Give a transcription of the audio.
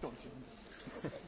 Don't you?